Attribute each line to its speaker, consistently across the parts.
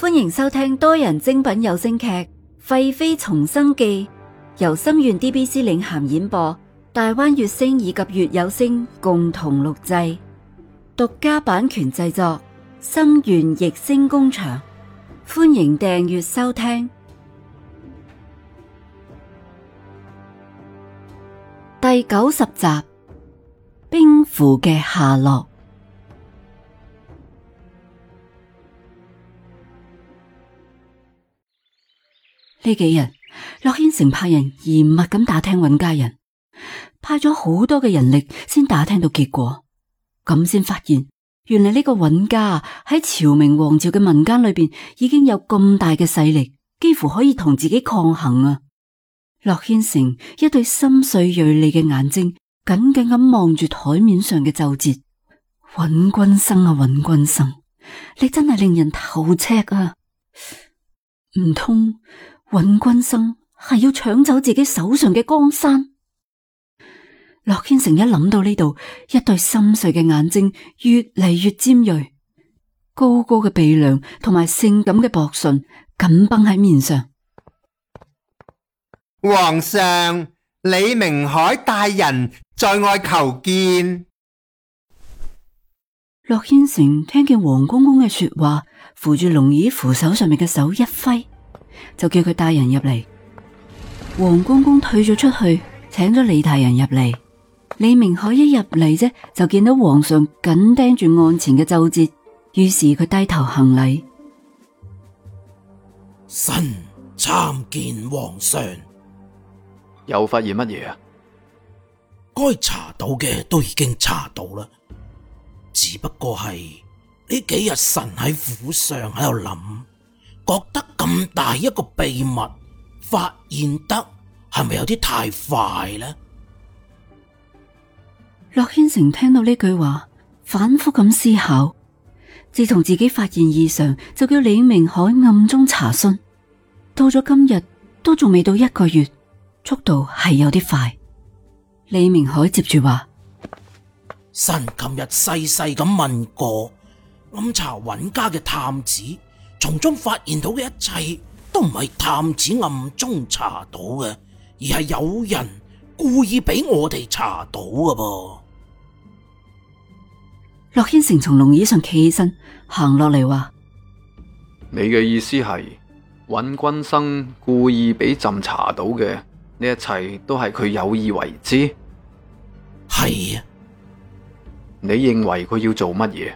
Speaker 1: 歡迎收聽多人精品有聲劇《廢妃重生記》，由心願 DBC 領銜演播，大灣月星以及月有聲共同錄製，獨家版權製作，心願逸星工場。歡迎訂閱收聽第九十集《兵符嘅下落》。呢幾日，洛軒成派人嚴密咁打聽尹家人，派咗好多嘅人力先打聽到結果，咁先發現，原來呢個尹家喺朝明王朝嘅民間裏邊已經有咁大嘅勢力，幾乎可以同自己抗衡啊！洛軒成一對深邃、銳利嘅眼睛，緊緊咁望住台面上嘅奏折，尹君生啊，尹君生，你真係令人頭赤啊！唔通？尹君生係要搶走自己手上嘅江山，洛軒成一諗到呢度，一對深邃嘅眼睛越嚟越尖銳，高高嘅鼻梁同埋性感嘅薄唇緊繃喺面上。
Speaker 2: 皇上，李明海大人在外求見。
Speaker 1: 洛軒成聽見黃公公嘅說話，扶住龍椅扶手上面嘅手一揮。就叫佢帶人入嚟。黃公公退咗出去，請咗李大人入嚟。李明海一入嚟啫，就見到皇上緊盯住案前嘅奏摺，於是佢低頭行禮，
Speaker 3: 臣參見皇上。
Speaker 2: 又發現乜嘢啊？
Speaker 3: 該查到嘅都已經查到啦，只不過係呢幾日，臣喺府上喺度諗。覺得咁大一個秘密發現得係咪有啲太快呢？
Speaker 1: 洛軒成聽到呢句話，反覆咁思考。自從自己發現異常，就叫李明海暗中查詢，到咗今日都仲未到一個月，速度係有啲快。李明海接住話：神琴
Speaker 3: 日細細咁問過暗查尹家嘅探子。從中發現到嘅一切都唔係探子暗中查到嘅，而係有人故意俾我哋查到嘅噃。
Speaker 1: 洛軒城從龍椅上企起身，行落嚟話：
Speaker 2: 你嘅意思係尹君生故意俾朕查到嘅？呢一切都係佢有意為之？係啊，你認為佢要做乜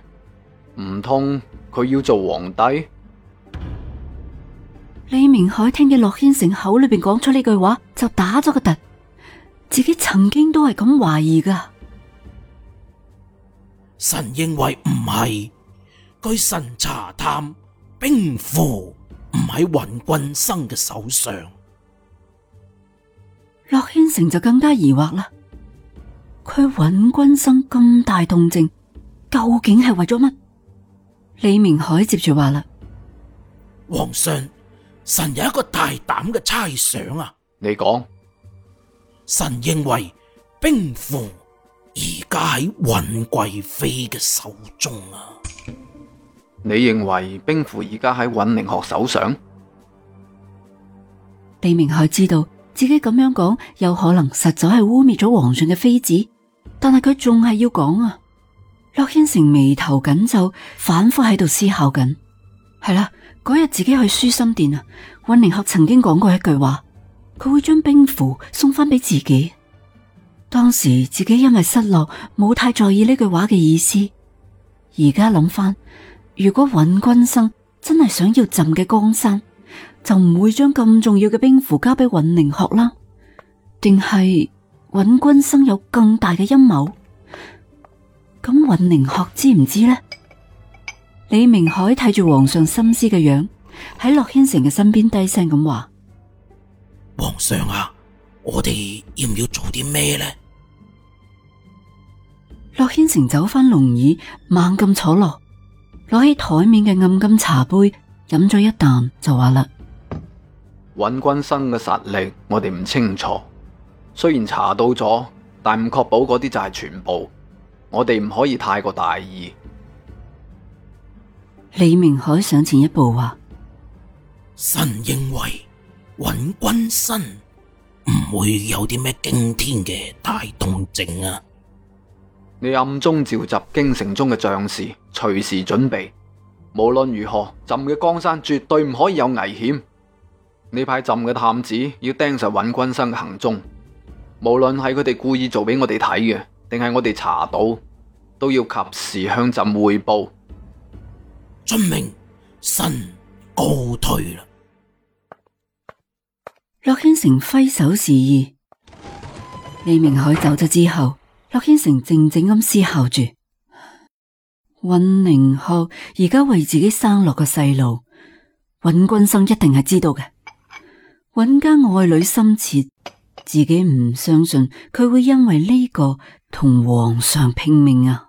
Speaker 2: 嘢？唔通佢要做皇帝？
Speaker 1: 李明海聽見駱軒成口裏邊講出呢句話，就打咗個突，自己曾經都係咁懷疑噶。
Speaker 3: 臣認為唔係，據臣查探兵，兵符唔喺尹君生嘅手上。
Speaker 1: 駱軒成就更加疑惑啦，佢尹君生咁大動靜，究竟係為咗乜？李明海接住話啦，
Speaker 3: 皇上。神有一個大膽嘅猜想啊！你講說，神認為兵符而家喺尹貴
Speaker 2: 妃嘅手中啊！你認為兵符而家喺尹明學手上？
Speaker 1: 李明海知道自己咁樣講有可能實在係污蔑咗皇上嘅妃子，但係佢仲係要講啊！駱軒成眉頭緊皺，反覆喺度思考緊。係啦、啊。嗰日自己去舒心殿啊，尹寧鶴曾經講過一句話，佢會將兵符送翻俾自己。當時自己因為失落，冇太在意呢句話嘅意思。而家諗翻，如果尹君生真係想要朕嘅江山，就唔會將咁重要嘅兵符交俾尹寧鶴啦。定係尹君生有更大嘅陰謀？咁尹寧鶴知唔知咧？李明海睇住皇上心思嘅樣，喺洛軒成嘅身邊低聲咁話：
Speaker 3: 皇上啊，我哋要唔要做啲咩咧？
Speaker 1: 洛軒成走翻龍椅，猛咁坐落，攞起台面嘅暗金茶杯，飲咗一啖，就話啦：
Speaker 2: 尹君生嘅實力，我哋唔清楚。雖然查到咗，但唔確保嗰啲就係全部。我哋唔可以太過大意。
Speaker 1: 李明海上前一步話，啊，神認為尹君
Speaker 2: 新唔會
Speaker 3: 有啲咩驚天嘅大動靜啊！
Speaker 2: 你暗中召集京城中嘅將士，隨時準備。無論如何，朕嘅江山絕對唔可以有危險。你派朕嘅探子要盯實尹君新嘅行蹤，無論係佢哋故意做俾我哋睇嘅，定係我哋查到，都要及時向朕匯報。遵命，
Speaker 1: 臣告退啦。洛軒成揮手示意，李明海走咗之後，洛軒成靜靜咁思考住：尹寧浩而家為自己生落個細路，尹君生一定係知道嘅。尹家愛女心切，自己唔相信佢會因為呢個同皇上拼命啊！